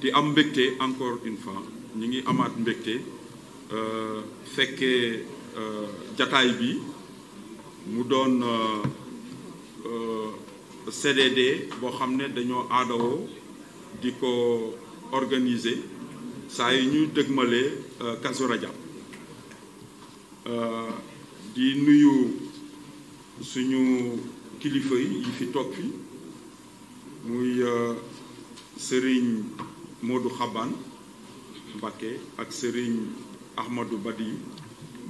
di am mbégte encore une fois ñu ngi amaat mbégte euh, fekkee euh, jataay bi mu doon euh, CDD boo xam ne dañoo aadawoo di ko organiser saa yi ñuy dëgmalee Kazu Rajab di nuyu suñu kilifa yi fi toog fi muy sëriñ Modou Xaban Mbakke ak sëriñ Ahmadou Badi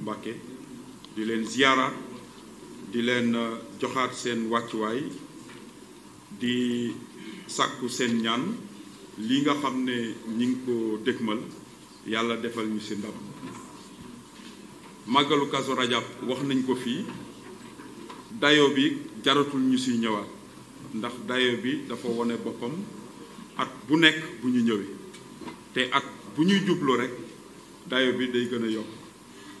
Mbakke di leen ziyaara di leen euh, joxaat seen wàccuwaay di sàkku seen ñaan li nga xam ne ñu ngi ko dëgmal yàlla defal ñu si ndam màggalu Kazu Rajab wax nañ ko fii dayo bi jaratul ñu si ñëwaat ndax dayo bi dafa wone boppam at bu nekk bu ñu ñëwee te ak bu ñuy jublu rek dayo bi day gën a yokk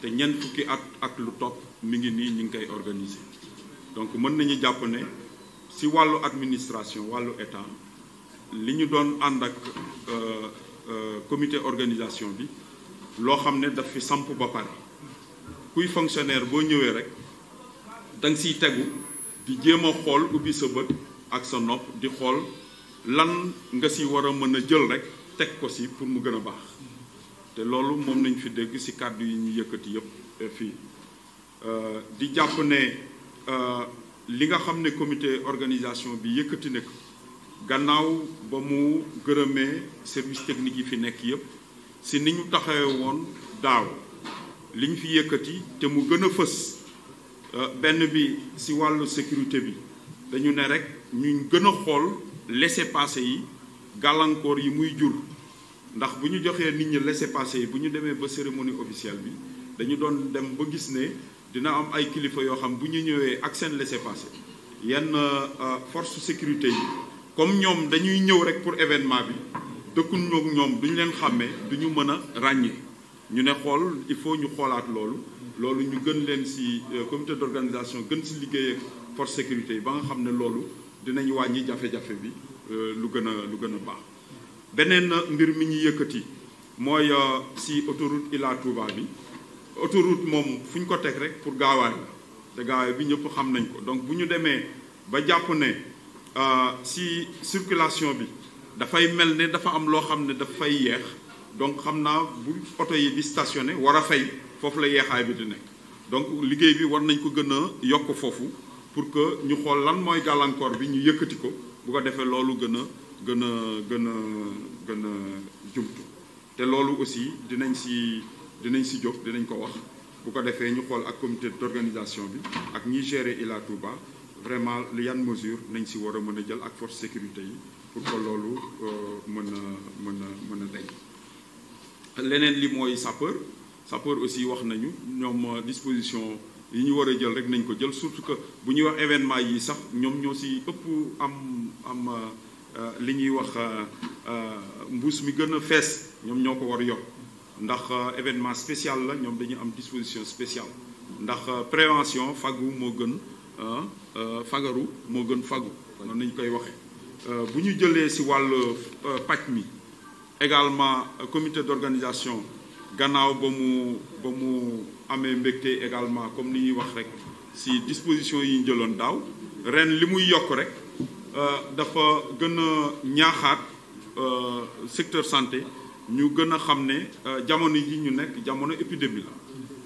te ñeent fukki at ak lu topp mi ngi nii ñu ngi koy organiser donc mën nañu jàpp ne si wàllu administration wàllu état li ñu doon ànd ak euh, euh, comité organisation bi loo xam ne daf fi samp ba pare kuy fonctionnaire boo ñëwee rek da nga siy tegu di jéem a xool ubbi sa bët ak sa nopp di xool lan nga si war a mën a jël rek teg ko si pour mu gën a baax te loolu moom nañ fi dégg si kàddu yi ñu yëkkati yëpp euh, fii euh, di jàpp ne euh, li nga xam ne comité organisation bi yëkkati ne ko gannaaw ba mu gërëmee service technique yi fi nekk yëpp si ni ñu taxawee woon daaw li ñu fi yëkkati te mu gën a fës benn bi si wàllu sécurité bi dañu ne rek ñu gën a xool laissez-passer yi gàllankoor yi muy jur ndax bu ñu joxee nit ñi laissez-passer yi bu ñu demee ba cérémonie officielle bi dañu doon dem ba gis ne dina am ay kilifa yoo xam bu ñu ñëwee ak seen laissez-passer yenn euh, force sécurité yi comme ñoom dañuy ñëw rek pour événement bi dëkkun ñoog ñoom duñu leen xàmmee duñu mën a ràññee ñu ne xool il faut ñu xoolaat loolu loolu ñu gën leen ci euh, comité d'organisation gën ci liggéey ak force sécurité yi ba nga xam ne loolu dinañ wàññi jafe-jafe bi euh, lu gën a lu gën a baax beneen mbir mi ñu yëkkati mooy euh, si autoroute Ila Touba bi autoroute moomu fu ñu ko teg rek pour gaawaay la bi ñëpp xam nañ ko donc bu ñu demee ba jàpp ne euh, si circulation bi dafay mel ne dafa am loo xam ne dafay yeex donc xam naa bu oto yi di stationné war a fay foofu la yeexaay bi di nekk donc liggéey bi war nañ ko gën a yokk foofu pour que ñu xool lan mooy gàllankoor bi ñu yëkkati ko bu ko defee loolu gën a gën a gën a gën a jumtu te loolu aussi dinañ si dinañ si jóg dinañ ko wax bu ko defee ñu xool ak comité d'organisation bi ak ñiy gérer illa Touba vraiment li yan mesure nañ si war a mën a jël ak force sécurité yi pour ko loolu euh, mën a mën a mën a dañ leneen li mooy sapeur sapeur aussi wax nañu ñoom disposition yi ñu war a jël rek nañ ko jël surtout que bu ñuy wax événement yi sax ñoom ñoo si ëpp am am euh, li ñuy wax euh, euh, mbuus mi gën a fees ñoom ñoo ko war a yor ndax événement spécial la ñoom dañu am disposition spéciale ndax prévention fagu moo gën fagaru moo gën fagu noonu nañu koy waxee bu ñu jëlee si wàll paj mi également comité d'organisation gannaaw ba mu ba mu amee mbégte également comme ni ñuy wax rek si disposition yi ñu jëloon daaw ren li muy yokk rek euh, dafa gën a ñaaxaat euh, secteur santé ñu gën a xam ne euh, jamono yi ñu nekk jamono épidémie la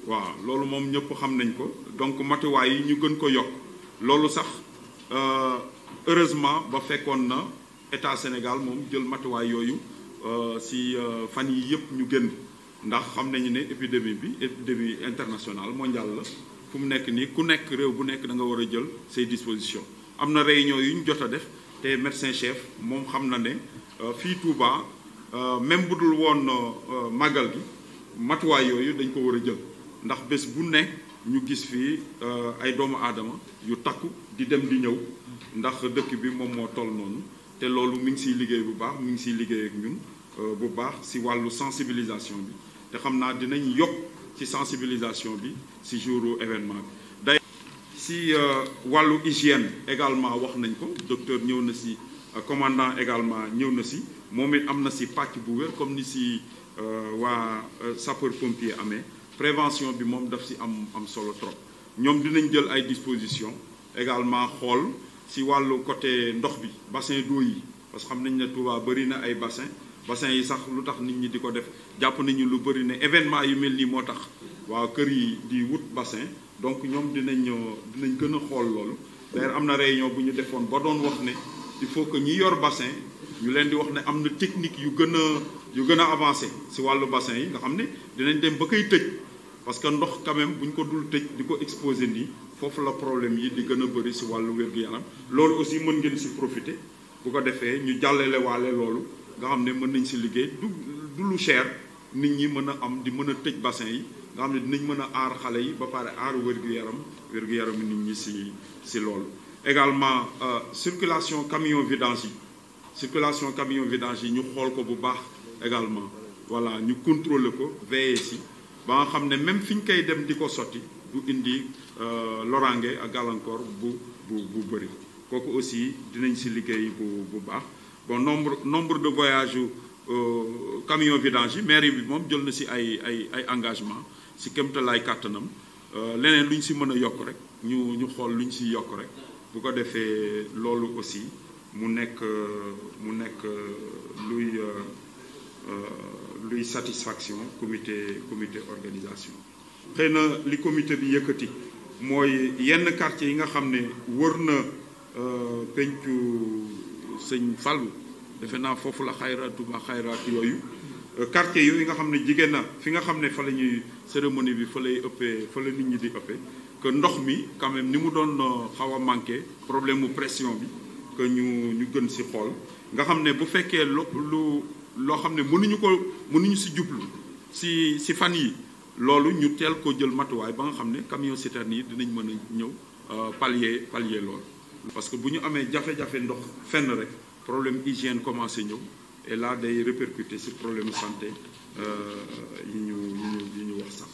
waaw loolu moom ñëpp xam nañ ko donc matuwaay yi ñu gën ko yokk loolu sax heureusement ba fekkoon na état Sénégal moom jël matuwaay yooyu si fan yi yëpp ñu génn ndax xam nañu ne épidémie bi épidémie internationale mondiale la fu mu nekk nii ku nekk réew bu nekk da nga war a jël say disposition am na réunion yu ñu jot a def te médecin chef moom xam na ne euh, fii Touba euh, même bu dul woon euh, màggal gi matuwaay yooyu dañ ko war a jël ndax bés bu nekk ñu gis fii ay doomu aadama yu takku di dem di ñëw ndax dëkk bi moom moo toll noonu te loolu mu ngi siy liggéey bu baax mi ngi siy liggéey ak ñun bu baax si wàllu sensibilisation bi te xam naa dinañ yokk ci sensibilisation bi si jour événement bi day si euh, wàllu hygiène également wax nañ ko docteur ñëw na si euh, commandant également ñëw na si moom it am na si pàcc bu wér comme ni si euh, waa sapeur pompier amee prévention bi moom daf si am am solo trop ñoom dinañ jël ay dispositions également xool si wàllu côté ndox bi bassin d'eau yi parce que xam nañ ne Touba bëri na ay bassin bassin yi sax lu tax nit ñi di ko def jàpp nañu lu bëri ne événement yu mel nii moo tax waaw kër yi di wut bassin donc ñoom dinañ dinañ gën a xool loolu d'ailleurs am na réunion bu ñu defoon ba doon wax ne il faut que ñi yor bassin ñu leen di wax ne am na technique yu gën a yu gën a avancé si wàllu bassin yi nga xam ne dinañ dem ba koy tëj parce que ndox quand même bu ñu ko dul tëj di ko exposé nii foofu la problème yi di gën a bëri si wàllu wér-gu-yaram loolu aussi mën ngeen si profiter bu ko defee ñu jàllale waale loolu nga xam ne mën nañ si liggéey du du lu cher nit ñi mën a am di mën a tëj bassin yi nga xam ne dinañ mën a aar xale yi ba pare ar wér-gu-yaram wér-gu-yaram nit ñi si si loolu également euh, circulation camion vidange yi circulation camion yi ñu xool ko bu baax également voilà ñu contrôler ko veiller si ba nga xam ne même fi ñu koy dem di ko sotti du indi euh, loraange ak gàllankoor bu bu bu bëri kooku aussi dinañ si liggéey bu bu baax bon nombre nombre de voyages euh, camion vidange yi mairie bi moom jël na si ay ay ay engagement si kéemtalaay kàttanam euh, leneen lu ñu si mën a yokk rek ñu ñu xool lu ñu si yokk rek bu ko defee loolu aussi mu nekk mu nekk euh, luy luy satisfaction comité comité organisation xëy na li comité bi yëkkati mooy yenn quartier yi nga xam ne wër na pencu sëñ Fallou defe naa foofu la xayra Touba xayra yooyu euh, quartier yooyu nga xam ne jigéen na fi nga xam ne fa la ñuy cérémonie bi fa lay ëppee fa la nit ñi di ëppee que ndox mi quand même ni mu doon euh, xaw a manqué problème mu pression bi que ñu ñu gën si xool nga xam ne bu fekkee lu lu loo xam ne mënuñu ko mënuñu si jublu si si fan yi loolu ñu teel ko jël matuwaay ba nga xam ne camion citerne yi dinañ mën a ñëw euh, pallier pallier loolu parce que bu ñu amee jafe-jafe ndox fenn rek problème hygiène commencé ñëw et day répercuter sur problème santé euh, yi ñu yi ñu yi ñu wax sax